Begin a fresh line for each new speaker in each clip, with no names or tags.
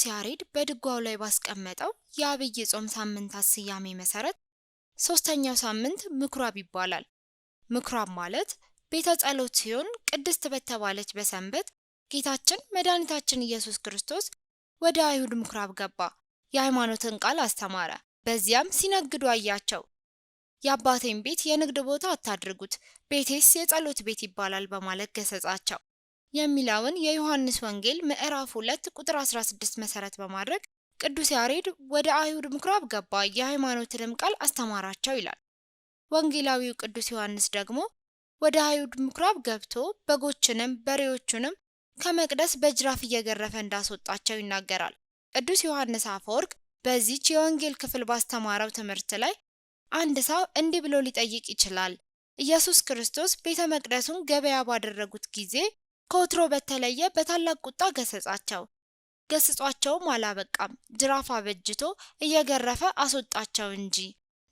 ቅዱስ ያሬድ በድጓው ላይ ባስቀመጠው የአብይ ጾም ሳምንታት ስያሜ መሰረት ሶስተኛው ሳምንት ምኩራብ ይባላል። ምኩራብ ማለት ቤተ ጸሎት ሲሆን ቅድስት በተባለች በሰንበት ጌታችን መድኃኒታችን ኢየሱስ ክርስቶስ ወደ አይሁድ ምኩራብ ገባ፣ የሃይማኖትን ቃል አስተማረ። በዚያም ሲነግዱ አያቸው። የአባቴን ቤት የንግድ ቦታ አታድርጉት፣ ቤቴስ የጸሎት ቤት ይባላል በማለት ገሰጻቸው። የሚለውን የዮሐንስ ወንጌል ምዕራፍ 2 ቁጥር 16 መሰረት በማድረግ ቅዱስ ያሬድ ወደ አይሁድ ምኩራብ ገባ፣ የሃይማኖትንም ቃል አስተማራቸው ይላል። ወንጌላዊው ቅዱስ ዮሐንስ ደግሞ ወደ አይሁድ ምኩራብ ገብቶ በጎችንም በሬዎቹንም ከመቅደስ በጅራፍ እየገረፈ እንዳስወጣቸው ይናገራል። ቅዱስ ዮሐንስ አፈወርቅ በዚች የወንጌል ክፍል ባስተማረው ትምህርት ላይ አንድ ሰው እንዲህ ብሎ ሊጠይቅ ይችላል። ኢየሱስ ክርስቶስ ቤተ መቅደሱን ገበያ ባደረጉት ጊዜ ከወትሮ በተለየ በታላቅ ቁጣ ገሰጻቸው። ገስጿቸውም አላበቃም፣ ጅራፍ አበጅቶ እየገረፈ አስወጣቸው እንጂ።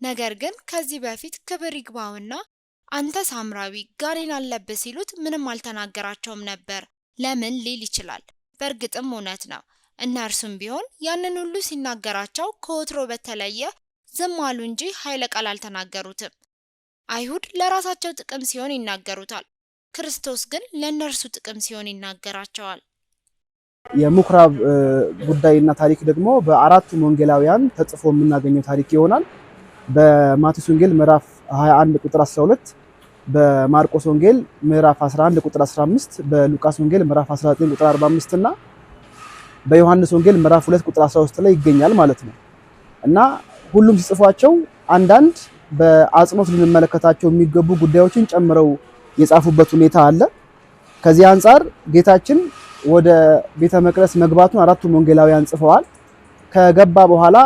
ነገር ግን ከዚህ በፊት ክብር ይግባውና አንተ ሳምራዊ ጋኔን አለብ ሲሉት ምንም አልተናገራቸውም ነበር። ለምን ሊል ይችላል። በእርግጥም እውነት ነው። እነርሱም ቢሆን ያንን ሁሉ ሲናገራቸው ከወትሮ በተለየ ዝም አሉ እንጂ ኃይለ ቃል አልተናገሩትም። አይሁድ ለራሳቸው ጥቅም ሲሆን ይናገሩታል፣ ክርስቶስ ግን ለእነርሱ ጥቅም ሲሆን ይናገራቸዋል።
የምኩራብ ጉዳይና ታሪክ ደግሞ በአራቱም ወንጌላውያን ተጽፎ የምናገኘው ታሪክ ይሆናል። በማቴዎስ ወንጌል ምዕራፍ 21 ቁጥር 12፣ በማርቆስ ወንጌል ምዕራፍ 11 ቁጥር 15፣ በሉቃስ ወንጌል ምዕራፍ 19 ቁጥር 45 እና በዮሐንስ ወንጌል ምዕራፍ 2 ቁጥር 13 ላይ ይገኛል ማለት ነው እና ሁሉም ሲጽፏቸው አንዳንድ በአጽንኦት ልንመለከታቸው የሚገቡ ጉዳዮችን ጨምረው የጻፉበት ሁኔታ አለ። ከዚህ አንጻር ጌታችን ወደ ቤተ መቅደስ መግባቱን አራቱም ወንጌላውያን ጽፈዋል። ከገባ በኋላ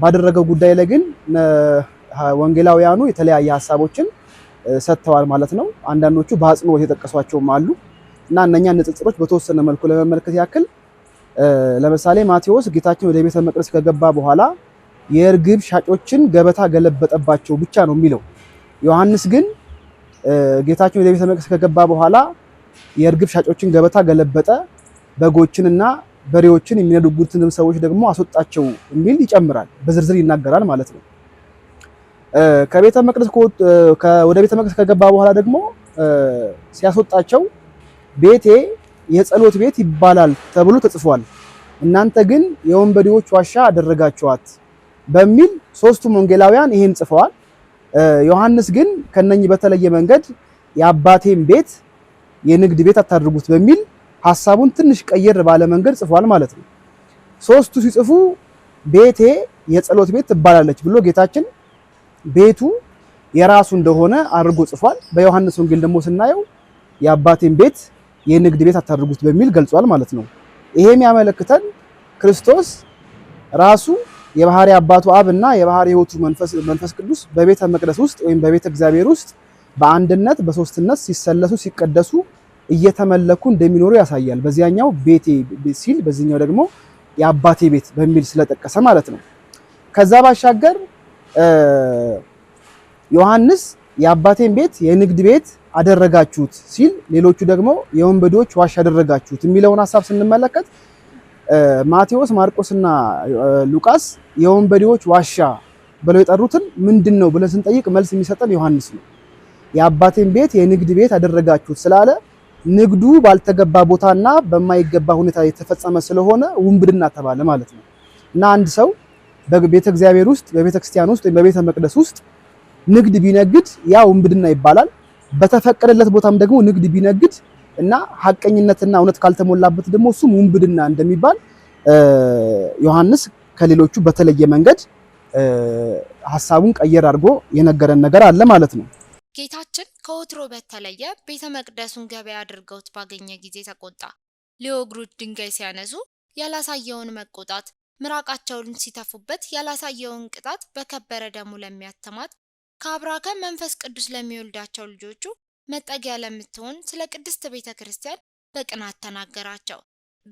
ባደረገው ጉዳይ ላይ ግን ወንጌላውያኑ የተለያየ ሀሳቦችን ሰጥተዋል ማለት ነው። አንዳንዶቹ በአጽንኦት የጠቀሷቸውም አሉ እና እነኛ ንጽጽሮች በተወሰነ መልኩ ለመመልከት ያክል ለምሳሌ ማቴዎስ ጌታችን ወደ ቤተ መቅደስ ከገባ በኋላ የእርግብ ሻጮችን ገበታ ገለበጠባቸው ብቻ ነው የሚለው። ዮሐንስ ግን ጌታችን ወደ ቤተ መቅደስ ከገባ በኋላ የእርግብ ሻጮችን ገበታ ገለበጠ፣ በጎችንና በሬዎችን የሚነዱጉትንም ሰዎች ደግሞ አስወጣቸው የሚል ይጨምራል፣ በዝርዝር ይናገራል ማለት ነው። ከቤተ መቅደስ ወደ ቤተ መቅደስ ከገባ በኋላ ደግሞ ሲያስወጣቸው ቤቴ የጸሎት ቤት ይባላል ተብሎ ተጽፏል፣ እናንተ ግን የወንበዴዎች ዋሻ አደረጋችኋት በሚል ሶስቱም ወንጌላውያን ይሄን ጽፈዋል። ዮሐንስ ግን ከነኚህ በተለየ መንገድ የአባቴን ቤት የንግድ ቤት አታድርጉት በሚል ሐሳቡን ትንሽ ቀየር ባለ መንገድ ጽፏል ማለት ነው። ሶስቱ ሲጽፉ ቤቴ የጸሎት ቤት ትባላለች ብሎ ጌታችን ቤቱ የራሱ እንደሆነ አድርጎ ጽፏል። በዮሐንስ ወንጌል ደግሞ ስናየው የአባቴን ቤት የንግድ ቤት አታድርጉት በሚል ገልጿል ማለት ነው። ይሄም ያመለክተን ክርስቶስ ራሱ የባህሪ አባቱ አብ እና የባህሪ ህይወቱ መንፈስ ቅዱስ በቤተ መቅደስ ውስጥ ወይም በቤተ እግዚአብሔር ውስጥ በአንድነት በሶስትነት ሲሰለሱ ሲቀደሱ እየተመለኩ እንደሚኖሩ ያሳያል። በዚያኛው ቤቴ ሲል በዚህኛው ደግሞ የአባቴ ቤት በሚል ስለጠቀሰ ማለት ነው። ከዛ ባሻገር ዮሐንስ የአባቴን ቤት የንግድ ቤት አደረጋችሁት ሲል፣ ሌሎቹ ደግሞ የወንበዴዎች ዋሻ አደረጋችሁት የሚለውን ሀሳብ ስንመለከት ማቴዎስ ማርቆስና ሉቃስ የወንበዴዎች ዋሻ ብለው የጠሩትን ምንድን ነው ብለን ስንጠይቅ መልስ የሚሰጠን ዮሐንስ ነው። የአባቴን ቤት የንግድ ቤት አደረጋችሁት ስላለ ንግዱ ባልተገባ ቦታና በማይገባ ሁኔታ የተፈጸመ ስለሆነ ውንብድና ተባለ ማለት ነው። እና አንድ ሰው በቤተ እግዚአብሔር ውስጥ በቤተ ክርስቲያን ውስጥ ወይም በቤተ መቅደስ ውስጥ ንግድ ቢነግድ ያ ውንብድና ይባላል። በተፈቀደለት ቦታም ደግሞ ንግድ ቢነግድ እና ሀቀኝነትና እውነት ካልተሞላበት ደግሞ እሱም ውንብድና እንደሚባል ዮሐንስ ከሌሎቹ በተለየ መንገድ ሀሳቡን ቀየር አድርጎ የነገረን ነገር አለ ማለት ነው።
ጌታችን ከወትሮ በተለየ ቤተ መቅደሱን ገበያ አድርገውት ባገኘ ጊዜ ተቆጣ። ሊወግሩት ድንጋይ ሲያነሱ ያላሳየውን መቆጣት፣ ምራቃቸውን ሲተፉበት ያላሳየውን ቅጣት በከበረ ደሙ ለሚያተማት ከአብራከ መንፈስ ቅዱስ ለሚወልዳቸው ልጆቹ መጠጊያ ለምትሆን ስለ ቅድስት ቤተ ክርስቲያን በቅናት ተናገራቸው።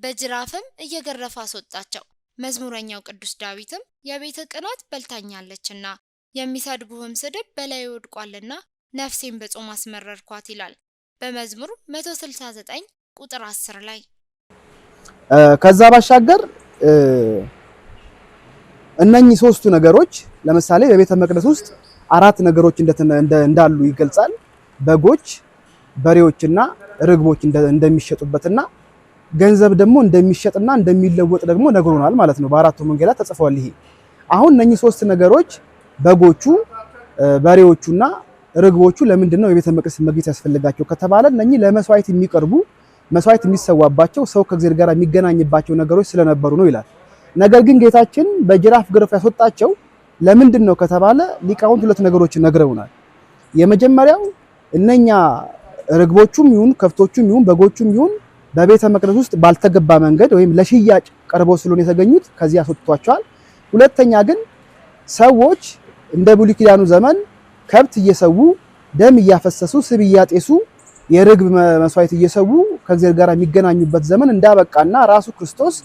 በጅራፍም እየገረፈ አስወጣቸው። መዝሙረኛው ቅዱስ ዳዊትም የቤት ቅናት በልታኛለችና የሚሰድቡህም ስድብ በላይ ወድቋልና ነፍሴን በጾም አስመረርኳት ይላል በመዝሙር 169 ቁጥር 10 ላይ።
ከዛ ባሻገር እነኚህ ሶስቱ ነገሮች ለምሳሌ በቤተ መቅደስ ውስጥ አራት ነገሮች እንዳሉ ይገልጻል። በጎች በሬዎችና ርግቦች እንደሚሸጡበትና ገንዘብ ደግሞ እንደሚሸጥና እንደሚለወጥ ደግሞ ነግሮናል ማለት ነው። በአራቱ ወንጌላት ተጽፏል። ይሄ አሁን እነኚህ ሶስት ነገሮች በጎቹ፣ በሬዎቹና ርግቦቹ ለምንድን ነው የቤተ መቅደስ መግቢት ያስፈልጋቸው ከተባለ እነኚህ ለመስዋዕት የሚቀርቡ መስዋዕት የሚሰዋባቸው ሰው ከእግዚአብሔር ጋር የሚገናኝባቸው ነገሮች ስለነበሩ ነው ይላል። ነገር ግን ጌታችን በጅራፍ ግርፍ ያስወጣቸው ለምንድን ነው ከተባለ ሊቃውንት ሁለት ነገሮች ነግረውናል። የመጀመሪያው እነኛ ርግቦቹም ይሁን ከፍቶቹም ይሁን በጎቹም ይሁን በቤተ መቅደስ ውስጥ ባልተገባ መንገድ ወይም ለሽያጭ ቀርበው ስለሆነ የተገኙት ከዚህ አስወጥቷቸዋል። ሁለተኛ ግን ሰዎች እንደ ብሉይ ኪዳኑ ዘመን ከብት እየሰዉ ደም እያፈሰሱ ስብ እያጤሱ የርግብ መስዋዕት እየሰዉ ከእግዚአብሔር ጋር የሚገናኙበት ዘመን እንዳበቃና ራሱ ክርስቶስ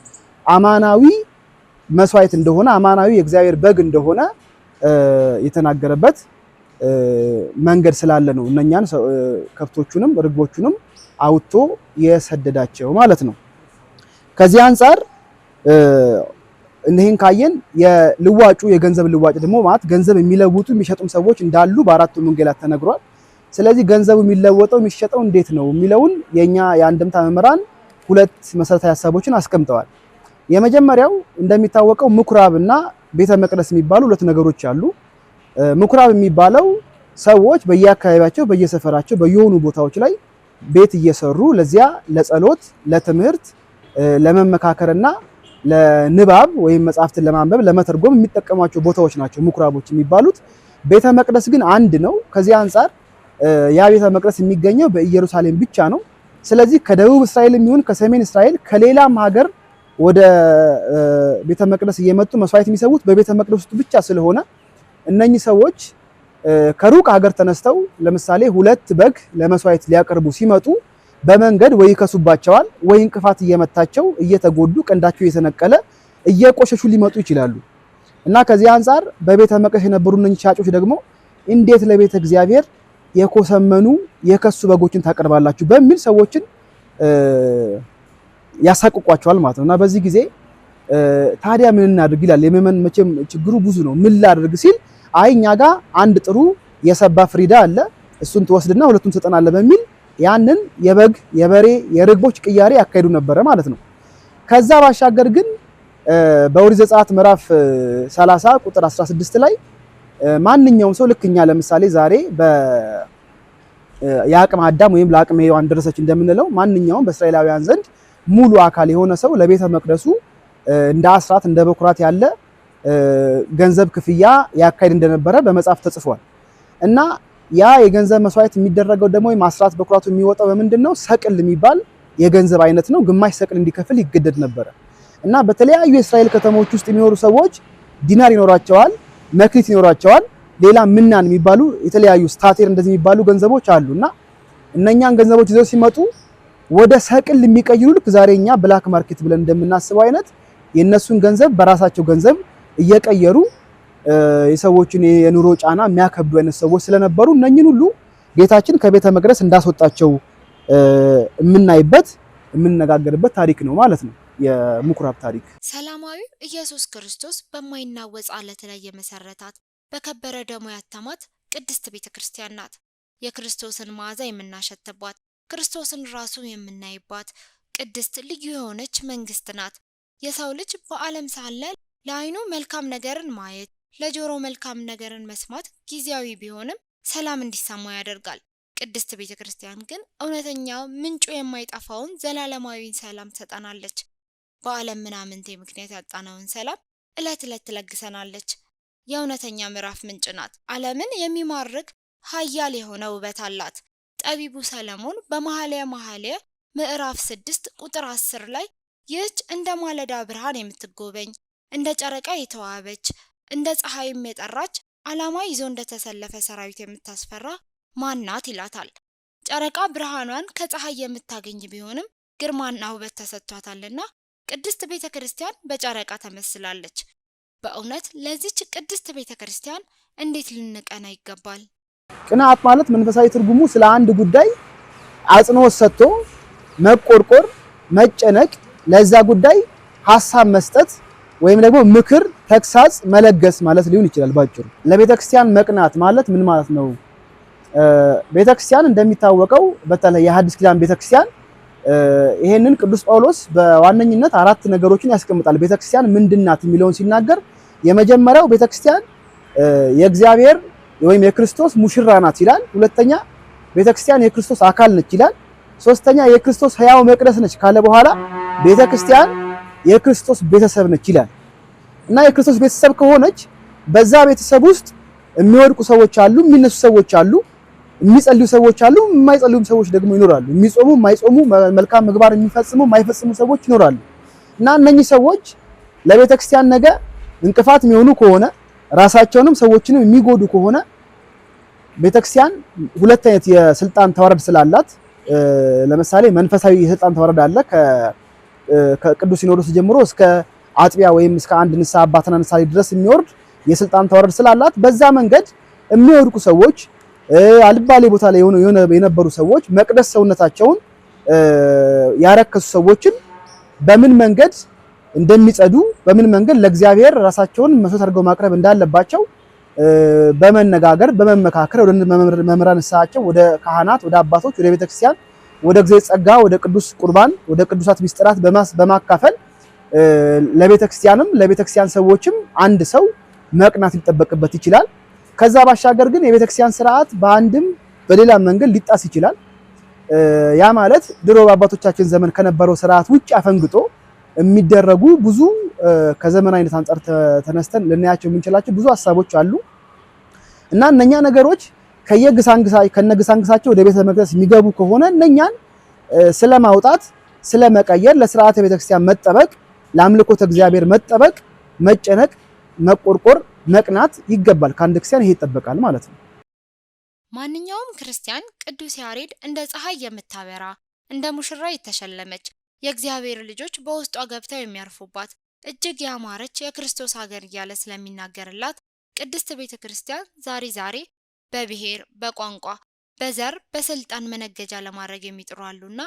አማናዊ መስዋዕት እንደሆነ አማናዊ የእግዚአብሔር በግ እንደሆነ የተናገረበት መንገድ ስላለ ነው እነኛን ከብቶቹንም ርግቦቹንም አውጥቶ የሰደዳቸው ማለት ነው። ከዚህ አንጻር እነዚህን ካየን የልዋጩ የገንዘብ ልዋጭ ደግሞ ማለት ገንዘብ የሚለውጡ የሚሸጡም ሰዎች እንዳሉ በአራቱም ወንጌላት ተነግሯል። ስለዚህ ገንዘቡ የሚለወጠው የሚሸጠው እንዴት ነው የሚለውን የእኛ የአንድምታ መምህራን ሁለት መሰረታዊ ሀሳቦችን አስቀምጠዋል። የመጀመሪያው እንደሚታወቀው ምኩራብና ቤተ መቅደስ የሚባሉ ሁለት ነገሮች አሉ። ምኩራብ የሚባለው ሰዎች በየአካባቢያቸው በየሰፈራቸው በየሆኑ ቦታዎች ላይ ቤት እየሰሩ ለዚያ ለጸሎት፣ ለትምህርት፣ ለመመካከርና ለንባብ ወይም መጽሐፍትን ለማንበብ ለመተርጎም የሚጠቀሟቸው ቦታዎች ናቸው ምኩራቦች የሚባሉት። ቤተ መቅደስ ግን አንድ ነው። ከዚህ አንጻር ያ ቤተ መቅደስ የሚገኘው በኢየሩሳሌም ብቻ ነው። ስለዚህ ከደቡብ እስራኤል የሚሆን ከሰሜን እስራኤል ከሌላም ሀገር ወደ ቤተ መቅደስ እየመጡ መስዋዕት የሚሰዉት በቤተ መቅደስ ውስጥ ብቻ ስለሆነ እነኚህ ሰዎች ከሩቅ ሀገር ተነስተው ለምሳሌ ሁለት በግ ለመስዋዕት ሊያቀርቡ ሲመጡ በመንገድ ወይ ይከሱባቸዋል፣ ወይ እንቅፋት እየመታቸው እየተጎዱ ቀንዳቸው እየተነቀለ እየቆሸሹ ሊመጡ ይችላሉ እና ከዚህ አንጻር በቤተ መቅደስ የነበሩ እነኚህ ሻጮች ደግሞ እንዴት ለቤተ እግዚአብሔር የኮሰመኑ የከሱ በጎችን ታቀርባላችሁ በሚል ሰዎችን ያሳቅቋቸዋል ማለት ነው እና በዚህ ጊዜ ታዲያ ምን እናድርግ ይላል። የምዕመን መቼም ችግሩ ብዙ ነው። ምን ላድርግ ሲል አይ እኛ ጋር አንድ ጥሩ የሰባ ፍሪዳ አለ እሱን ትወስድና ሁለቱን ትሰጠናለህ በሚል ያንን የበግ የበሬ የርግቦች ቅያሬ ያካሄዱ ነበረ ማለት ነው። ከዛ ባሻገር ግን በኦሪት ዘጸአት ምዕራፍ 30 ቁጥር 16 ላይ ማንኛውም ሰው ልክኛ ለምሳሌ ዛሬ የአቅመ አዳም ወይም ለአቅመ ሔዋን ደረሰች እንደምንለው ማንኛውም በእስራኤላውያን ዘንድ ሙሉ አካል የሆነ ሰው ለቤተ መቅደሱ እንደ አስራት እንደ በኩራት ያለ ገንዘብ ክፍያ ያካሄድ እንደነበረ በመጽሐፍ ተጽፏል እና ያ የገንዘብ መስዋዕት የሚደረገው ደግሞ ወይም አስራት በኩራቱ የሚወጣው በምንድን ነው? ሰቅል የሚባል የገንዘብ አይነት ነው። ግማሽ ሰቅል እንዲከፍል ይገደድ ነበረ እና በተለያዩ የእስራኤል ከተሞች ውስጥ የሚኖሩ ሰዎች ዲናር ይኖራቸዋል፣ መክሊት ይኖራቸዋል፣ ሌላ ምናን የሚባሉ የተለያዩ ስታቴር እንደዚህ የሚባሉ ገንዘቦች አሉ እና እነኛን ገንዘቦች ይዘው ሲመጡ ወደ ሰቅል የሚቀይሩ ልክ ዛሬ እኛ ብላክ ማርኬት ብለን እንደምናስበው አይነት የእነሱን ገንዘብ በራሳቸው ገንዘብ እየቀየሩ የሰዎችን የኑሮ ጫና የሚያከብዱ አይነት ሰዎች ስለነበሩ እነኝን ሁሉ ጌታችን ከቤተ መቅደስ እንዳስወጣቸው የምናይበት የምንነጋገርበት ታሪክ ነው ማለት ነው። የምኩራብ ታሪክ
ሰላማዊ ኢየሱስ ክርስቶስ በማይናወጽ አለት ላይ የመሰረታት በከበረ ደሞ ያተማት ቅድስት ቤተ ክርስቲያን ናት። የክርስቶስን መዓዛ የምናሸትባት፣ ክርስቶስን ራሱ የምናይባት ቅድስት ልዩ የሆነች መንግስት ናት። የሰው ልጅ በዓለም ሳለ ለአይኑ መልካም ነገርን ማየት፣ ለጆሮ መልካም ነገርን መስማት ጊዜያዊ ቢሆንም ሰላም እንዲሰማው ያደርጋል። ቅድስት ቤተ ክርስቲያን ግን እውነተኛ ምንጩ የማይጠፋውን ዘላለማዊን ሰላም ትሰጠናለች። በዓለም ምናምንቴ ምክንያት ያጣነውን ሰላም ዕለት ዕለት ትለግሰናለች። የእውነተኛ ምዕራፍ ምንጭ ናት። ዓለምን የሚማርክ ኃያል የሆነ ውበት አላት። ጠቢቡ ሰለሞን በመኃልየ መኃልይ ምዕራፍ ስድስት ቁጥር አስር ላይ ይህች እንደ ማለዳ ብርሃን የምትጎበኝ እንደ ጨረቃ የተዋበች እንደ ፀሐይም የጠራች ዓላማ ይዞ እንደተሰለፈ ሰራዊት የምታስፈራ ማናት ይላታል። ጨረቃ ብርሃኗን ከፀሐይ የምታገኝ ቢሆንም ግርማና ውበት ተሰጥቷታልና ቅድስት ቤተ ክርስቲያን በጨረቃ ተመስላለች። በእውነት ለዚች ቅድስት ቤተ ክርስቲያን እንዴት ልንቀና ይገባል።
ቅንዓት ማለት መንፈሳዊ ትርጉሙ ስለ አንድ ጉዳይ አጽንኦት ሰጥቶ መቆርቆር፣ መጨነቅ፣ ለዛ ጉዳይ ሀሳብ መስጠት ወይም ደግሞ ምክር፣ ተግሳጽ መለገስ ማለት ሊሆን ይችላል። ባጭሩ ለቤተክርስቲያን መቅናት ማለት ምን ማለት ነው? ቤተክርስቲያን እንደሚታወቀው በተለይ የሐዲስ ኪዳን ቤተክርስቲያን ይሄንን ቅዱስ ጳውሎስ በዋነኝነት አራት ነገሮችን ያስቀምጣል። ቤተክርስቲያን ምንድናት የሚለውን ሲናገር የመጀመሪያው ቤተክርስቲያን የእግዚአብሔር ወይም የክርስቶስ ሙሽራ ናት ይላል። ሁለተኛ ቤተክርስቲያን የክርስቶስ አካል ነች ይላል። ሶስተኛ የክርስቶስ ሕያው መቅደስ ነች ካለ በኋላ ቤተክርስቲያን የክርስቶስ ቤተሰብ ነች ይላል እና የክርስቶስ ቤተሰብ ከሆነች በዛ ቤተሰብ ውስጥ የሚወድቁ ሰዎች አሉ፣ የሚነሱ ሰዎች አሉ፣ የሚጸልዩ ሰዎች አሉ፣ የማይጸልዩም ሰዎች ደግሞ ይኖራሉ። የሚጾሙ፣ የማይጾሙ፣ መልካም ምግባር የሚፈጽሙ፣ የማይፈጽሙ ሰዎች ይኖራሉ እና እነኚህ ሰዎች ለቤተ ክርስቲያን ነገ እንቅፋት የሚሆኑ ከሆነ ራሳቸውንም ሰዎችንም የሚጎዱ ከሆነ ቤተ ክርስቲያን ሁለት አይነት የስልጣን ተዋረድ ስላላት ለምሳሌ መንፈሳዊ የስልጣን ተዋረድ አለ ከቅዱስ ሲኖዶስ ጀምሮ እስከ አጥቢያ ወይም እስከ አንድ ንስሐ አባትና ንሳሌ ድረስ የሚወርድ የስልጣን ተዋረድ ስላላት በዛ መንገድ የሚወድቁ ሰዎች አልባሌ ቦታ ላይ የነበሩ ሰዎች መቅደስ ሰውነታቸውን ያረከሱ ሰዎችን በምን መንገድ እንደሚጸዱ በምን መንገድ ለእግዚአብሔር ራሳቸውን መስዋዕት አድርገው ማቅረብ እንዳለባቸው በመነጋገር በመመካከር ወደ መምህራን ንስሐቸው ወደ ካህናት ወደ አባቶች ወደ ቤተክርስቲያን ወደ እግዚአብሔር ጸጋ ወደ ቅዱስ ቁርባን ወደ ቅዱሳት ሚስጥራት በማካፈል ለቤተክርስቲያንም ለቤተክርስቲያን ሰዎችም አንድ ሰው መቅናት ሊጠበቅበት ይችላል። ከዛ ባሻገር ግን የቤተክርስቲያን ስርዓት በአንድም በሌላ መንገድ ሊጣስ ይችላል። ያ ማለት ድሮ በአባቶቻችን ዘመን ከነበረው ስርዓት ውጭ አፈንግጦ የሚደረጉ ብዙ ከዘመን አይነት አንጻር ተነስተን ልናያቸው የምንችላቸው ብዙ ሀሳቦች አሉ እና እነኛ ነገሮች ከየግሳንግሳ ከነግሳንግሳቸው ወደ ቤተ መቅደስ የሚገቡ ከሆነ እነኛን ስለማውጣት ስለመቀየር፣ ለስርዓተ ቤተክርስቲያን መጠበቅ፣ ለአምልኮተ እግዚአብሔር መጠበቅ፣ መጨነቅ፣ መቆርቆር፣ መቅናት ይገባል። ከአንድ ክርስቲያን ይሄ ይጠበቃል ማለት ነው።
ማንኛውም ክርስቲያን ቅዱስ ያሬድ እንደ ፀሐይ የምታበራ እንደ ሙሽራ የተሸለመች የእግዚአብሔር ልጆች በውስጧ ገብተው የሚያርፉባት እጅግ ያማረች የክርስቶስ ሀገር እያለ ስለሚናገርላት ቅድስት ቤተ ክርስቲያን ዛሬ ዛሬ በብሔር፣ በቋንቋ፣ በዘር፣ በስልጣን መነገጃ ለማድረግ የሚጥሩ አሉና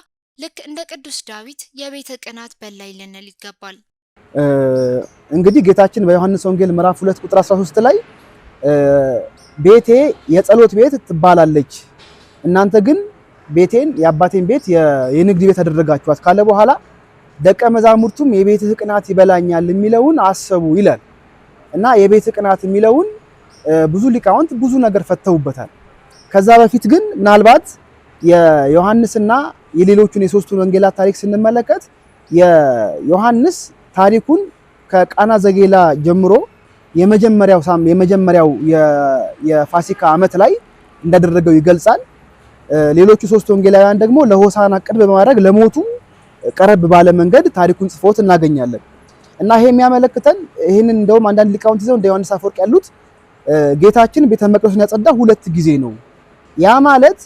ልክ እንደ ቅዱስ ዳዊት የቤት ቅናት በላይ ልንል ይገባል።
እንግዲህ ጌታችን በዮሐንስ ወንጌል ምዕራፍ 2 ቁጥር 13 ላይ ቤቴ የጸሎት ቤት ትባላለች፣ እናንተ ግን ቤቴን የአባቴን ቤት የንግድ ቤት አደረጋችኋት ካለ በኋላ ደቀ መዛሙርቱም የቤትህ ቅናት ይበላኛል የሚለውን አሰቡ ይላል እና የቤትህ ቅናት የሚለውን ብዙ ሊቃውንት ብዙ ነገር ፈተውበታል። ከዛ በፊት ግን ምናልባት የዮሐንስና የሌሎቹን የሶስቱን ወንጌላት ታሪክ ስንመለከት የዮሐንስ ታሪኩን ከቃና ዘጌላ ጀምሮ የመጀመሪያው ሳም የመጀመሪያው የፋሲካ ዓመት ላይ እንዳደረገው ይገልጻል። ሌሎቹ ሶስት ወንጌላውያን ደግሞ ለሆሳና ቅርብ በማድረግ ለሞቱ ቀረብ ባለ መንገድ ታሪኩን ጽፎት እናገኛለን። እና ይሄ የሚያመለክተን ይህንን እንደውም አንዳንድ ሊቃውንት ይዘው እንደ ዮሐንስ አፈወርቅ ያሉት ጌታችን ቤተ መቅደሱን ያጸዳ ሁለት ጊዜ ነው። ያ ማለት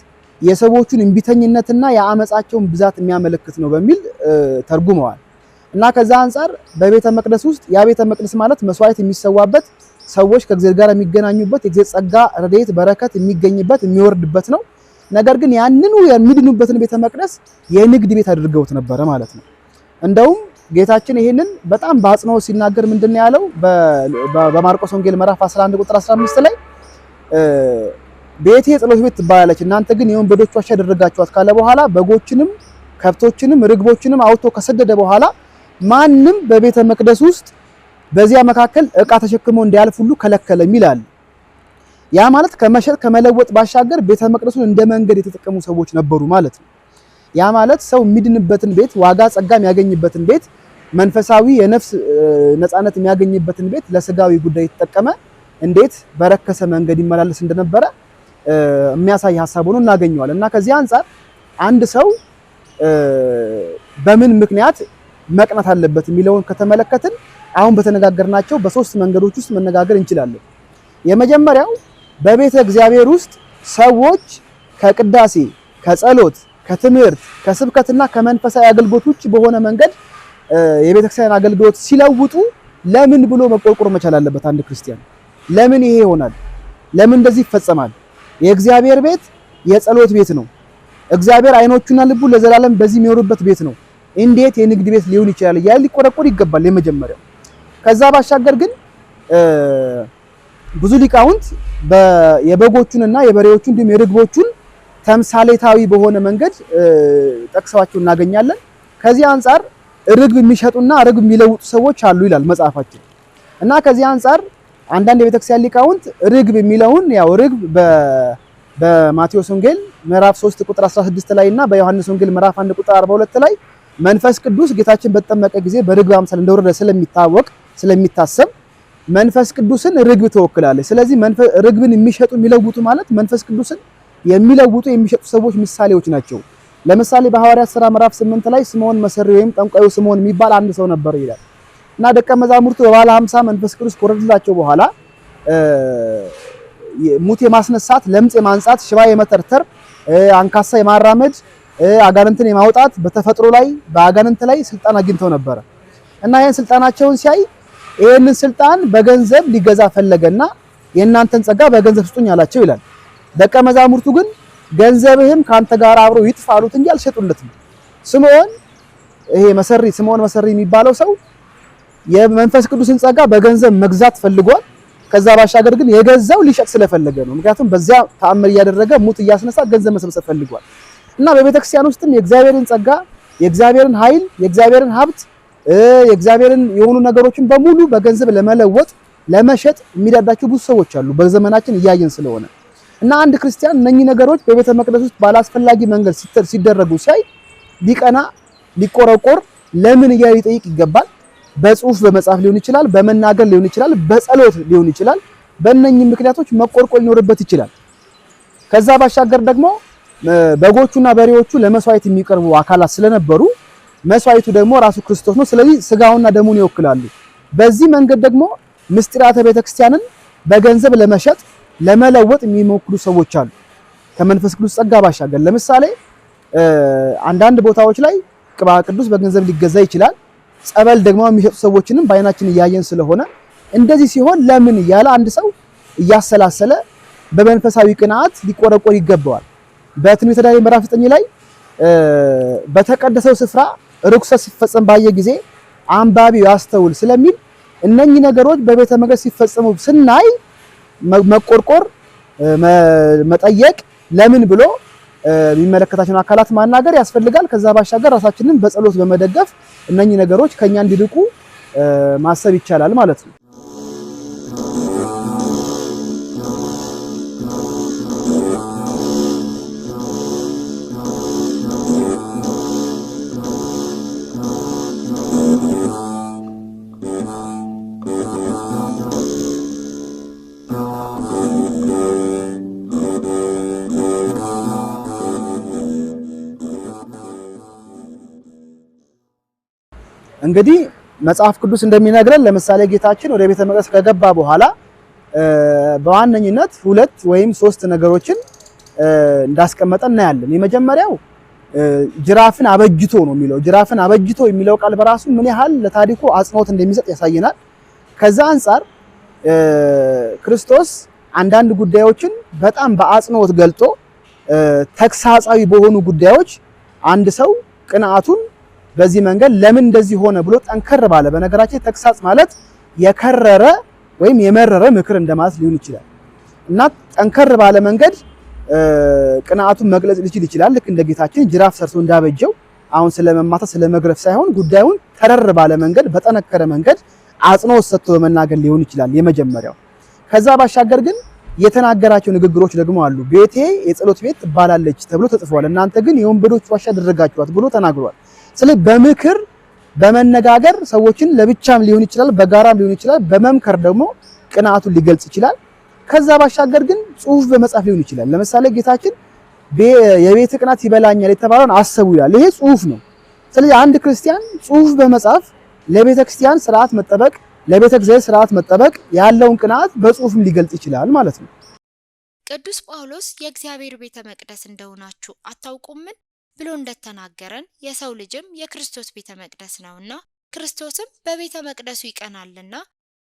የሰዎቹን እንቢተኝነትና የአመፃቸውን ብዛት የሚያመለክት ነው በሚል ተርጉመዋል። እና ከዛ አንጻር በቤተ መቅደስ ውስጥ ያ ቤተ መቅደስ ማለት መስዋዕት የሚሰዋበት ሰዎች ከእግዚአብሔር ጋር የሚገናኙበት የእግዚአብሔር ጸጋ፣ ረድኤት፣ በረከት የሚገኝበት የሚወርድበት ነው። ነገር ግን ያንኑ የሚድኑበትን ቤተ መቅደስ የንግድ ቤት አድርገውት ነበረ ማለት ነው። እንደውም ጌታችን ይህንን በጣም በአጽንኦት ሲናገር ምንድነው ያለው? በማርቆስ ወንጌል ምዕራፍ 11 ቁጥር 15 ላይ ቤቴ ጸሎት ቤት ትባላለች፣ እናንተ ግን የወንበዶች ዋሻ ያደረጋችኋት ካለ በኋላ በጎችንም ከብቶችንም ርግቦችንም አውጥቶ ከሰደደ በኋላ ማንም በቤተ መቅደስ ውስጥ በዚያ መካከል እቃ ተሸክሞ እንዲያልፍ ሁሉ ከለከለ ይላል። ያ ማለት ከመሸጥ ከመለወጥ ባሻገር ቤተ መቅደሱን እንደ መንገድ የተጠቀሙ ሰዎች ነበሩ ማለት ነው። ያ ማለት ሰው የሚድንበትን ቤት ዋጋ ጸጋ የሚያገኝበትን ቤት መንፈሳዊ የነፍስ ነፃነት የሚያገኝበትን ቤት ለስጋዊ ጉዳይ የተጠቀመ እንዴት በረከሰ መንገድ ይመላለስ እንደነበረ የሚያሳይ ሀሳብ ሆኖ እናገኘዋለን። እና ከዚህ አንጻር አንድ ሰው በምን ምክንያት መቅናት አለበት የሚለውን ከተመለከትን አሁን በተነጋገርናቸው በሶስት መንገዶች ውስጥ መነጋገር እንችላለን። የመጀመሪያው በቤተ እግዚአብሔር ውስጥ ሰዎች ከቅዳሴ ከጸሎት ከትምህርት ከስብከትና ከመንፈሳዊ አገልግሎት ውጭ በሆነ መንገድ የቤተክርስቲያን አገልግሎት ሲለውጡ ለምን ብሎ መቆርቆር መቻል አለበት። አንድ ክርስቲያን ለምን ይሄ ይሆናል? ለምን እንደዚህ ይፈጸማል? የእግዚአብሔር ቤት የጸሎት ቤት ነው። እግዚአብሔር አይኖቹና ልቡ ለዘላለም በዚህ የሚኖሩበት ቤት ነው። እንዴት የንግድ ቤት ሊሆን ይችላል? ያ ሊቆረቆር ይገባል። የመጀመሪያው ከዛ ባሻገር ግን ብዙ ሊቃውንት የበጎቹንና የበሬዎቹን እንዲሁም የርግቦቹን ተምሳሌታዊ በሆነ መንገድ ጠቅሰዋቸው እናገኛለን። ከዚህ አንጻር ርግብ የሚሸጡና ርግብ የሚለውጡ ሰዎች አሉ ይላል መጽሐፋችን እና ከዚህ አንጻር አንዳንድ የቤተክርስቲያን ሊቃውንት ርግብ የሚለውን ያው ርግብ በማቴዎስ ወንጌል ምዕራፍ 3 ቁጥር 16 ላይ እና በዮሐንስ ወንጌል ምዕራፍ 1 ቁጥር 42 ላይ መንፈስ ቅዱስ ጌታችን በተጠመቀ ጊዜ በርግብ አምሳል እንደወረደ ስለሚታወቅ ስለሚታሰብ መንፈስ ቅዱስን ርግብ ትወክላለች። ስለዚህ ርግብን የሚሸጡ የሚለውጡ ማለት መንፈስ ቅዱስን የሚለውጡ የሚሸጡ ሰዎች ምሳሌዎች ናቸው። ለምሳሌ በሐዋርያት ሥራ ምዕራፍ ስምንት ላይ ስምዖን መሰሪ ወይም ጠንቋዩ ስምዖን የሚባል አንድ ሰው ነበር ይላል እና ደቀ መዛሙርቱ በባለ ሀምሳ መንፈስ ቅዱስ ከወረደላቸው በኋላ ሙት የማስነሳት፣ ለምጽ የማንጻት፣ ሽባ የመተርተር፣ አንካሳ የማራመድ፣ አጋንንትን የማውጣት በተፈጥሮ ላይ በአጋንንት ላይ ስልጣን አግኝተው ነበረ እና ይህን ስልጣናቸውን ሲያይ ይህንን ስልጣን በገንዘብ ሊገዛ ፈለገና የእናንተን ጸጋ በገንዘብ ስጡኝ አላቸው ይላል። ደቀ መዛሙርቱ ግን ገንዘብህም ካንተ ጋር አብሮ ይጥፋሉት እንጂ አልሸጡለትም። ስምዖን ይሄ መሰሪ ስምዖን መሰሪ የሚባለው ሰው የመንፈስ ቅዱስን ጸጋ በገንዘብ መግዛት ፈልጓል። ከዛ ባሻገር ግን የገዛው ሊሸጥ ስለፈለገ ነው። ምክንያቱም በዚያ ተአምር እያደረገ ሙት እያስነሳ ገንዘብ መሰብሰብ ፈልጓል። እና በቤተክርስቲያን ውስጥም የእግዚአብሔርን ጸጋ፣ የእግዚአብሔርን ኃይል፣ የእግዚአብሔርን ሀብት፣ የእግዚአብሔርን የሆኑ ነገሮችን በሙሉ በገንዘብ ለመለወጥ ለመሸጥ የሚዳዳቸው ብዙ ሰዎች አሉ። በዘመናችን እያየን ስለሆነ እና አንድ ክርስቲያን እነኚህ ነገሮች በቤተ መቅደስ ውስጥ ባላስፈላጊ መንገድ ሲደረጉ ሲያይ ሊቀና፣ ሊቆረቆር ለምን እያለ ሊጠይቅ ይገባል። በጽሁፍ በመጻፍ ሊሆን ይችላል፣ በመናገር ሊሆን ይችላል፣ በጸሎት ሊሆን ይችላል። በእነኚህ ምክንያቶች መቆርቆር ሊኖርበት ይችላል። ከዛ ባሻገር ደግሞ በጎቹና በሬዎቹ ለመስዋዕት የሚቀርቡ አካላት ስለነበሩ መስዋዕቱ ደግሞ ራሱ ክርስቶስ ነው። ስለዚህ ስጋውና ደሙን ይወክላሉ። በዚህ መንገድ ደግሞ ምስጢራተ ቤተክርስቲያንን በገንዘብ ለመሸጥ ለመለወጥ የሚሞክሩ ሰዎች አሉ። ከመንፈስ ቅዱስ ጸጋ ባሻገር ለምሳሌ አንዳንድ ቦታዎች ላይ ቅባ ቅዱስ በገንዘብ ሊገዛ ይችላል። ጸበል ደግሞ የሚሸጡ ሰዎችንም በአይናችን እያየን ስለሆነ እንደዚህ ሲሆን ለምን እያለ አንድ ሰው እያሰላሰለ በመንፈሳዊ ቅንዓት ሊቆረቆር ይገባዋል። በትንቢተ ዳንኤል ምዕራፍ 9 ላይ በተቀደሰው ስፍራ ርኩሰት ሲፈጸም ባየ ጊዜ አንባቢው ያስተውል ስለሚል እነኚህ ነገሮች በቤተ መቅደስ ሲፈጸሙ ስናይ መቆርቆር፣ መጠየቅ፣ ለምን ብሎ የሚመለከታቸውን አካላት ማናገር ያስፈልጋል። ከዛ ባሻገር ራሳችንን በጸሎት በመደገፍ እነኚህ ነገሮች ከኛ እንዲርቁ ማሰብ ይቻላል ማለት ነው። እንግዲህ መጽሐፍ ቅዱስ እንደሚነግረን ለምሳሌ ጌታችን ወደ ቤተ መቅደስ ከገባ በኋላ በዋነኝነት ሁለት ወይም ሶስት ነገሮችን እንዳስቀመጠ እናያለን። የመጀመሪያው ጅራፍን አበጅቶ ነው የሚለው። ጅራፍን አበጅቶ የሚለው ቃል በራሱ ምን ያህል ለታሪኩ አጽንኦት እንደሚሰጥ ያሳየናል። ከዛ አንጻር ክርስቶስ አንዳንድ ጉዳዮችን በጣም በአጽንኦት ገልጦ ተግሳጻዊ በሆኑ ጉዳዮች አንድ ሰው ቅንዓቱን በዚህ መንገድ ለምን እንደዚህ ሆነ ብሎ ጠንከር ባለ በነገራችን ተግሳጽ ማለት የከረረ ወይም የመረረ ምክር እንደማለት ሊሆን ይችላል እና ጠንከር ባለ መንገድ ቅንዓቱን መግለጽ ሊችል ይችላል። ልክ እንደ ጌታችን ጅራፍ ሰርቶ እንዳበጀው አሁን ስለመማታት ስለመግረፍ ሳይሆን ጉዳዩን ከረር ባለ መንገድ በጠነከረ መንገድ አጽንኦት ሰጥቶ በመናገር ሊሆን ይችላል የመጀመሪያው። ከዛ ባሻገር ግን የተናገራቸው ንግግሮች ደግሞ አሉ። ቤቴ የጸሎት ቤት ትባላለች ተብሎ ተጽፏል፣ እናንተ ግን የወንበዶች ዋሻ አደረጋችኋት ብሎ ተናግሯል። ስለዚህ በምክር በመነጋገር ሰዎችን ለብቻም ሊሆን ይችላል፣ በጋራም ሊሆን ይችላል። በመምከር ደግሞ ቅንዓቱን ሊገልጽ ይችላል። ከዛ ባሻገር ግን ጽሁፍ በመጻፍ ሊሆን ይችላል። ለምሳሌ ጌታችን የቤት ቅናት ይበላኛል የተባለውን አሰቡ ይላል። ይሄ ጽሁፍ ነው። ስለዚህ አንድ ክርስቲያን ጽሁፍ በመጻፍ ለቤተ ክርስቲያን ስርዓት መጠበቅ፣ ለቤተ እግዚአብሔር ስርዓት መጠበቅ ያለውን ቅንዓት በጽሁፍም ሊገልጽ ይችላል ማለት ነው።
ቅዱስ ጳውሎስ የእግዚአብሔር ቤተ መቅደስ እንደሆናችሁ አታውቁምን? ብሎ እንደተናገረን የሰው ልጅም የክርስቶስ ቤተ መቅደስ ነውና ክርስቶስም በቤተ መቅደሱ ይቀናልና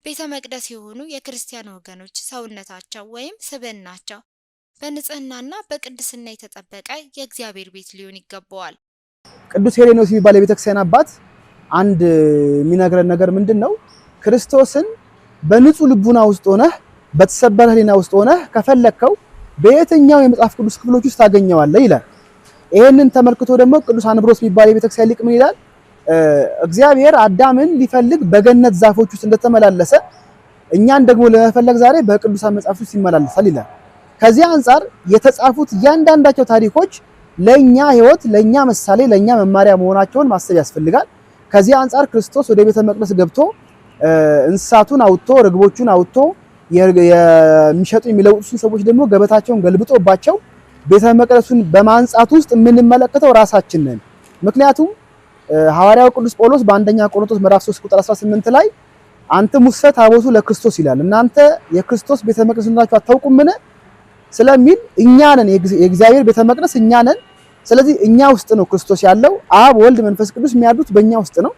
ቤተ መቅደስ የሆኑ የክርስቲያን ወገኖች ሰውነታቸው ወይም ስብዕናቸው በንጽህናና በቅድስና የተጠበቀ የእግዚአብሔር ቤት ሊሆን ይገባዋል።
ቅዱስ ሄሌኖስ የሚባል የቤተክርስቲያን አባት አንድ የሚነግረን ነገር ምንድን ነው? ክርስቶስን በንጹህ ልቡና ውስጥ ሆነህ በተሰበረ ሕሊና ውስጥ ሆነህ ከፈለግከው በየትኛው የመጽሐፍ ቅዱስ ክፍሎች ውስጥ ታገኘዋለህ ይላል። ይህንን ተመልክቶ ደግሞ ቅዱስ አንብሮስ የሚባል የቤተክርስቲያን ሊቅ ምን ይላል? እግዚአብሔር አዳምን ሊፈልግ በገነት ዛፎች ውስጥ እንደተመላለሰ እኛን ደግሞ ለመፈለግ ዛሬ በቅዱሳን መጽሐፍት ውስጥ ይመላለሳል ይላል። ከዚህ አንጻር የተጻፉት እያንዳንዳቸው ታሪኮች ለኛ ህይወት፣ ለኛ ምሳሌ፣ ለኛ መማሪያ መሆናቸውን ማሰብ ያስፈልጋል። ከዚህ አንጻር ክርስቶስ ወደ ቤተ መቅደስ ገብቶ እንስሳቱን አውጥቶ ርግቦቹን አውጥቶ የሚሸጡ የሚለውጡ ሰዎች ደግሞ ገበታቸውን ገልብጦባቸው ቤተ መቅደሱን በማንጻት ውስጥ የምንመለከተው ራሳችን ነን። ምክንያቱም ሐዋርያው ቅዱስ ጳውሎስ በአንደኛ ቆሮንቶስ ምዕራፍ 3 ቁጥር 18 ላይ አንትም ውስተ ታቦቱ ለክርስቶስ ይላል፣ እናንተ የክርስቶስ ቤተ መቅደስ ናችሁ አታውቁምን? ስለሚል እኛ ነን የእግዚአብሔር ቤተ መቅደስ እኛ ነን። ስለዚህ እኛ ውስጥ ነው ክርስቶስ ያለው። አብ ወልድ፣ መንፈስ ቅዱስ የሚያዱት በእኛ ውስጥ ነው።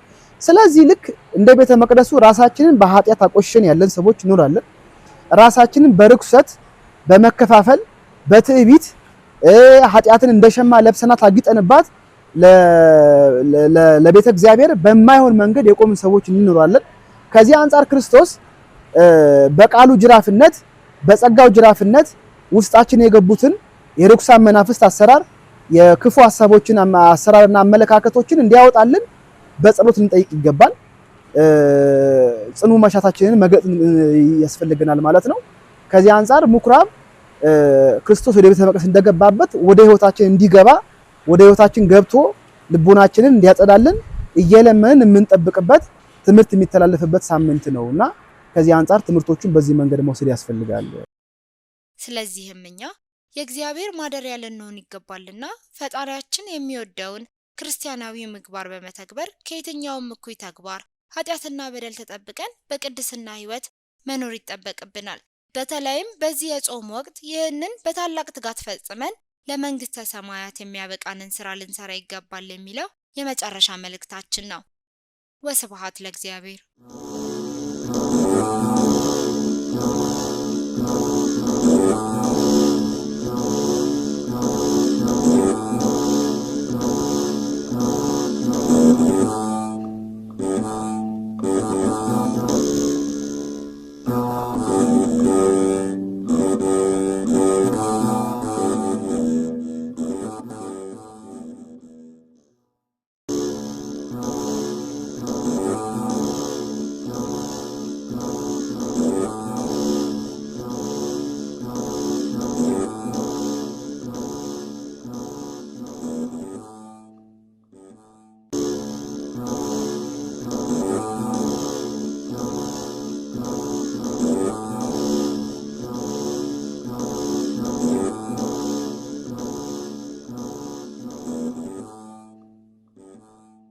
ስለዚህ ልክ እንደ ቤተ መቅደሱ ራሳችንን በኃጢአት አቆሸን ያለን ሰዎች እንኖራለን። ራሳችንን በርኩሰት በመከፋፈል በትዕቢት ኃጢአትን እንደ ሸማ ለብሰናት አጊጠንባት ለቤተ እግዚአብሔር በማይሆን መንገድ የቆምን ሰዎች እንኖራለን። ከዚህ አንጻር ክርስቶስ በቃሉ ጅራፍነት በጸጋው ጅራፍነት ውስጣችን የገቡትን የርኩሳን መናፍስት አሰራር፣ የክፉ ሀሳቦችን አሰራርና አመለካከቶችን እንዲያወጣልን በጸሎት ልንጠይቅ ይገባል። ጽኑ መሻታችንን መገጥ ያስፈልገናል ማለት ነው። ከዚህ አንጻር ምኩራብ ክርስቶስ ወደ ቤተ መቅደስ እንደገባበት ወደ ህይወታችን እንዲገባ ወደ ህይወታችን ገብቶ ልቦናችንን እንዲያጸዳልን እየለመንን የምንጠብቅበት ትምህርት የሚተላለፍበት ሳምንት ነው እና ከዚህ አንጻር ትምህርቶቹን በዚህ መንገድ መውሰድ ያስፈልጋል።
ስለዚህም እኛ የእግዚአብሔር ማደሪያ ልንሆን ይገባልና ፈጣሪያችን የሚወደውን ክርስቲያናዊ ምግባር በመተግበር ከየትኛውም እኩይ ተግባር ኃጢአትና በደል ተጠብቀን በቅድስና ህይወት መኖር ይጠበቅብናል። በተለይም በዚህ የጾም ወቅት ይህንን በታላቅ ትጋት ፈጽመን ለመንግስተ ሰማያት የሚያበቃንን ስራ ልንሰራ ይገባል የሚለው የመጨረሻ መልእክታችን ነው። ወስብሐት ለእግዚአብሔር።